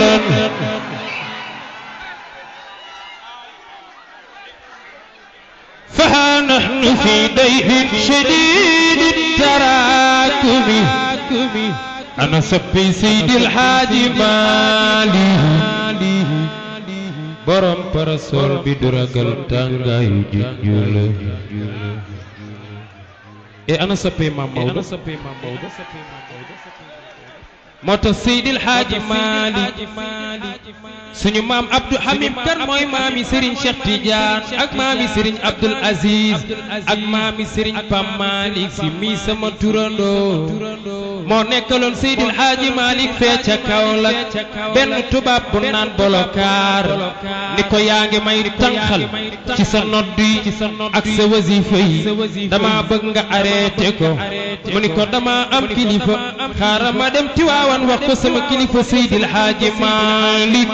محمد فها نحن في ديح شديد التراكم أنا سبي سيد الحادي مالي برم برسول بدرجل تانغاي جنجولو إيه أنا سبي مام مودو moo tax Seydil Hadji Malick suñu maam Abdou Hamim kan mooy maami sëriñ Cheikh Tidiane ak maami Serigne Abdoul Aziz ak maami Serigne Pam Malick si mii sama turandoo moo nekkaloon Seydil Hadji Malick fee ca Kaolack benn tubaab bu naan bolokaar ni ko yaa ngi may tànqal ci sa nodd yi ak sa wasifa yi dama bëgg nga arrêté ko mu ni ko dama am kilifa xaaral ma dem Tiwaawan wax ko sama kilifa Seydil Haaji Malick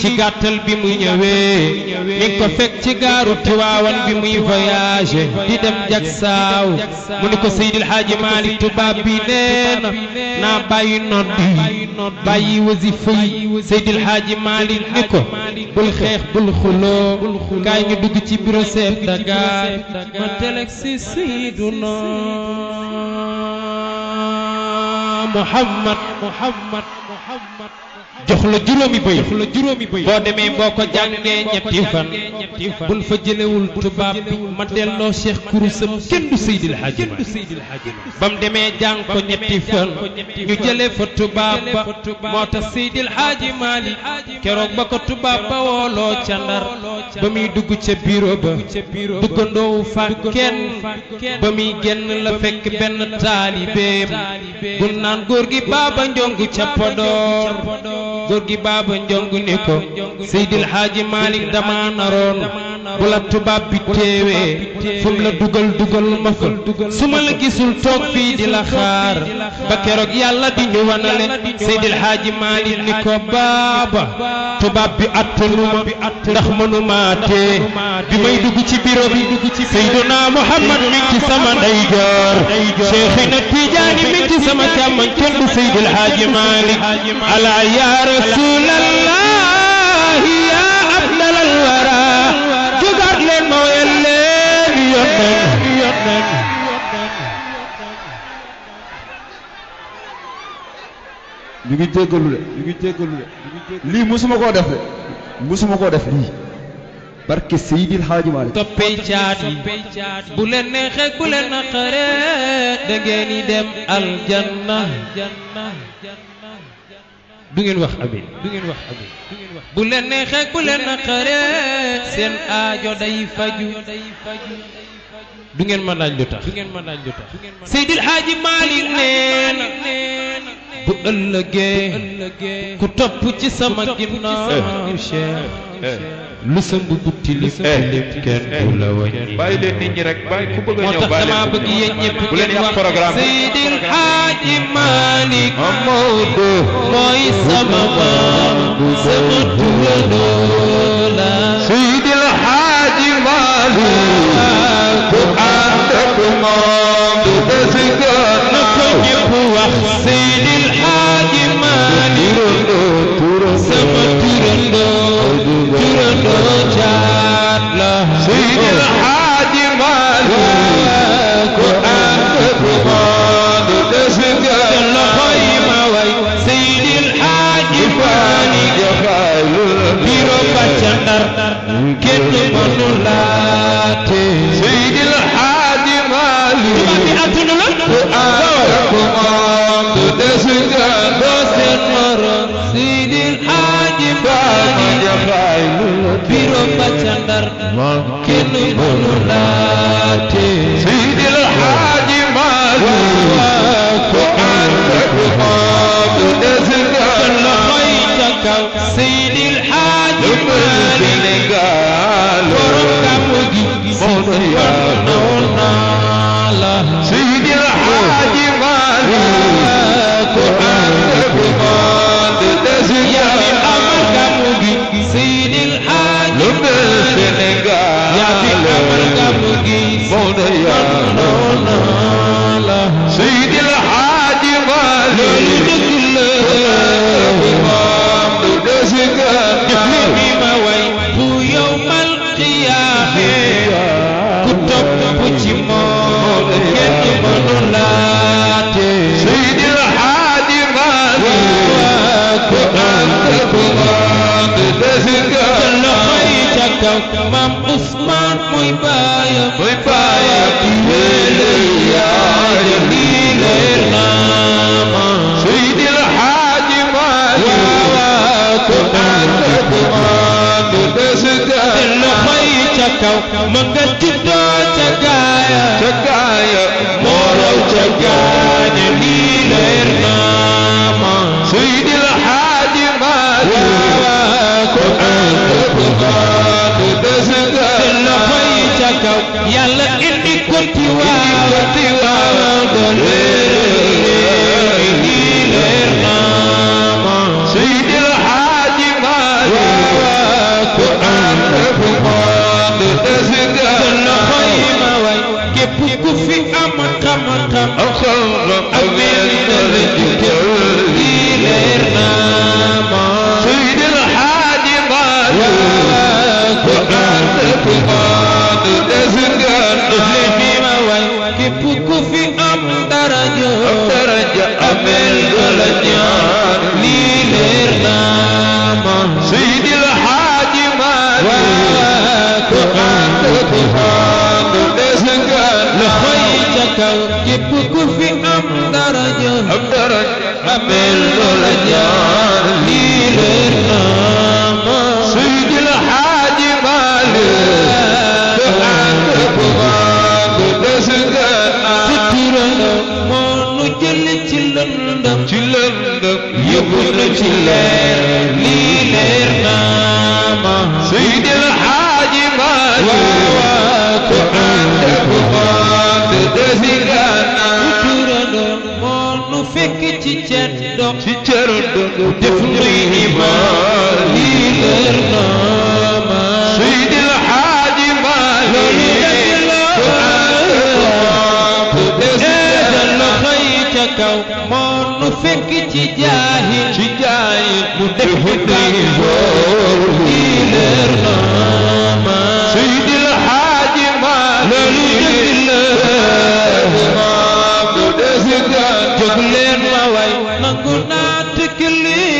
ci gàttal bi muy ñëwee mi fekk ci gaaru Tiwaawan bi muy voyagé di dem Jaksaaw mu ni ko Seydil Haaji Malick tubaab bi nee na naa bàyyi nodd yi bàyyi wasifa yi Seydil Haaji Malick bul xeex bul xuloo kaay ñu dugg ci bureau chef de ma teleg si Seyduna محمد محمد محمد, محمد jox la juróomi bëy jox la juróomi bëy boo demee boo ko jàngee ñetti fan bul fa jëlewul tubaab bi ma delloo cheikh kurusam kenn du seydil haaji ba mu demee jàng ko ñetti fan ñu jële fa tubaab ba moo tax seydil haaji maali keroog ba ko ba wooloo ca ndar ba muy dugg ca bureau ba duggandoowu fa kenn ba muy genn la fekk benn taalibeem bu naan góor gi baaba njongu ca Podor góor gi baaba njong ni ko Seydil Haaji Malick dama naroon bu la bi téewee fu mu la dugal su ma la gisul toog di la yàlla di ñu wanale Seydil Haaji Maalik ni ko baaba tubaab ndax mënuma tee bi may dugg ci biro bi Seydina Muhammad mi ci sama ndeyjoor Cheikhina Tijaani mi ci sama càmmoñ kenn du Seydil Maalik ala yaa ñu ngi jéggalu de ñu ngi jéggalu de lii musuma koo def de musuma koo def lii barke Seydil Hadji Malick toppey caat yi bu leen neexee bu leen naqaree da ngeen i dem aljanna du ngeen wax amin du ngeen wax amin bu leen neexee bu leen naqaree seen aajo day faju du ngeen ma laaj lu tax Seydil Hadji Malick nee bu ëllëgee ku topp ci sama ginnaaw Cheikh eh, eh. lu sa mbubu tilim tilim kenn du la wàññi bàyyi leen nit ñi rek bàyyi ku bëgg a ñëw bàyyi leen bëgg yéen ñëpp bu leen yàq programme Seydil Hadji Malick Maodo mooy sama maam ku ànd ak moom na ko ñëpp wax Seydil kitu manulati sayyidil hadi mali mati atunul qur'anu desiga dosen maron sayyidil hadi mali jafailu biro pacandar kitu manulati sayyidil hadi mali qur'anu desiga dosen maron sayyidil Senegal, Boroka Mugi, Bonoya, Nonala, Imam Usman muy vaya muy vaya tuwele ya jamil nama Sayyid al-Haj Mali wa tu'allat ma tudasda Illa khaytaka magatida chagaya chagaya moro chagaya go. ab dara mel loola ñaar lii leen naama suy xaaji maale te ànd bu baax des nga am sutura ci lëndëm ci lëndëm yóbbu na ci leer moonu fekk ci jaahil ci jaahil mu def di boor di leer na ma Seydi El Hadji Malick mu des ga jóg leen ma way nangu naa tëkkili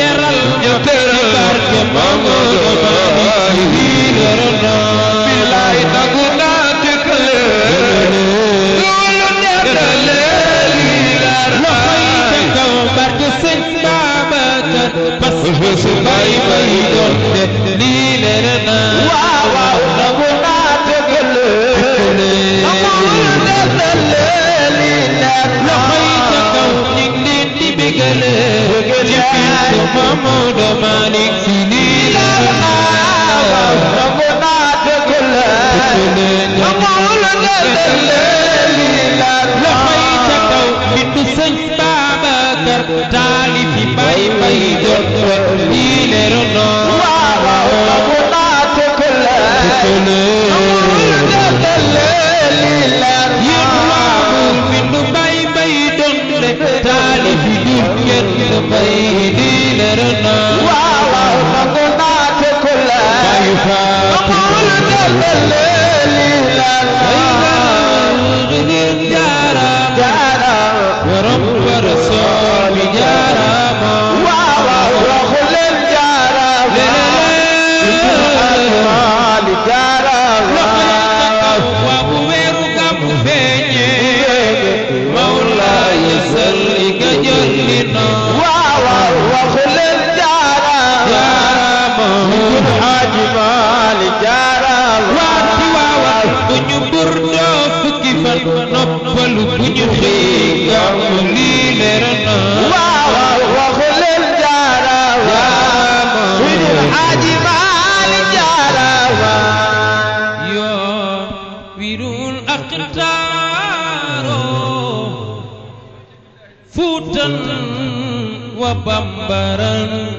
terra longe, terra longe, mamma dolore, mi loro no, mi lai da guna te cale, lo terra le li la ra, lo fai te cao, perché senza mata, passo, passo, vai, vai, vai, محمود مالك سنين ربنا كلها مولانا الليل لا la la bambaran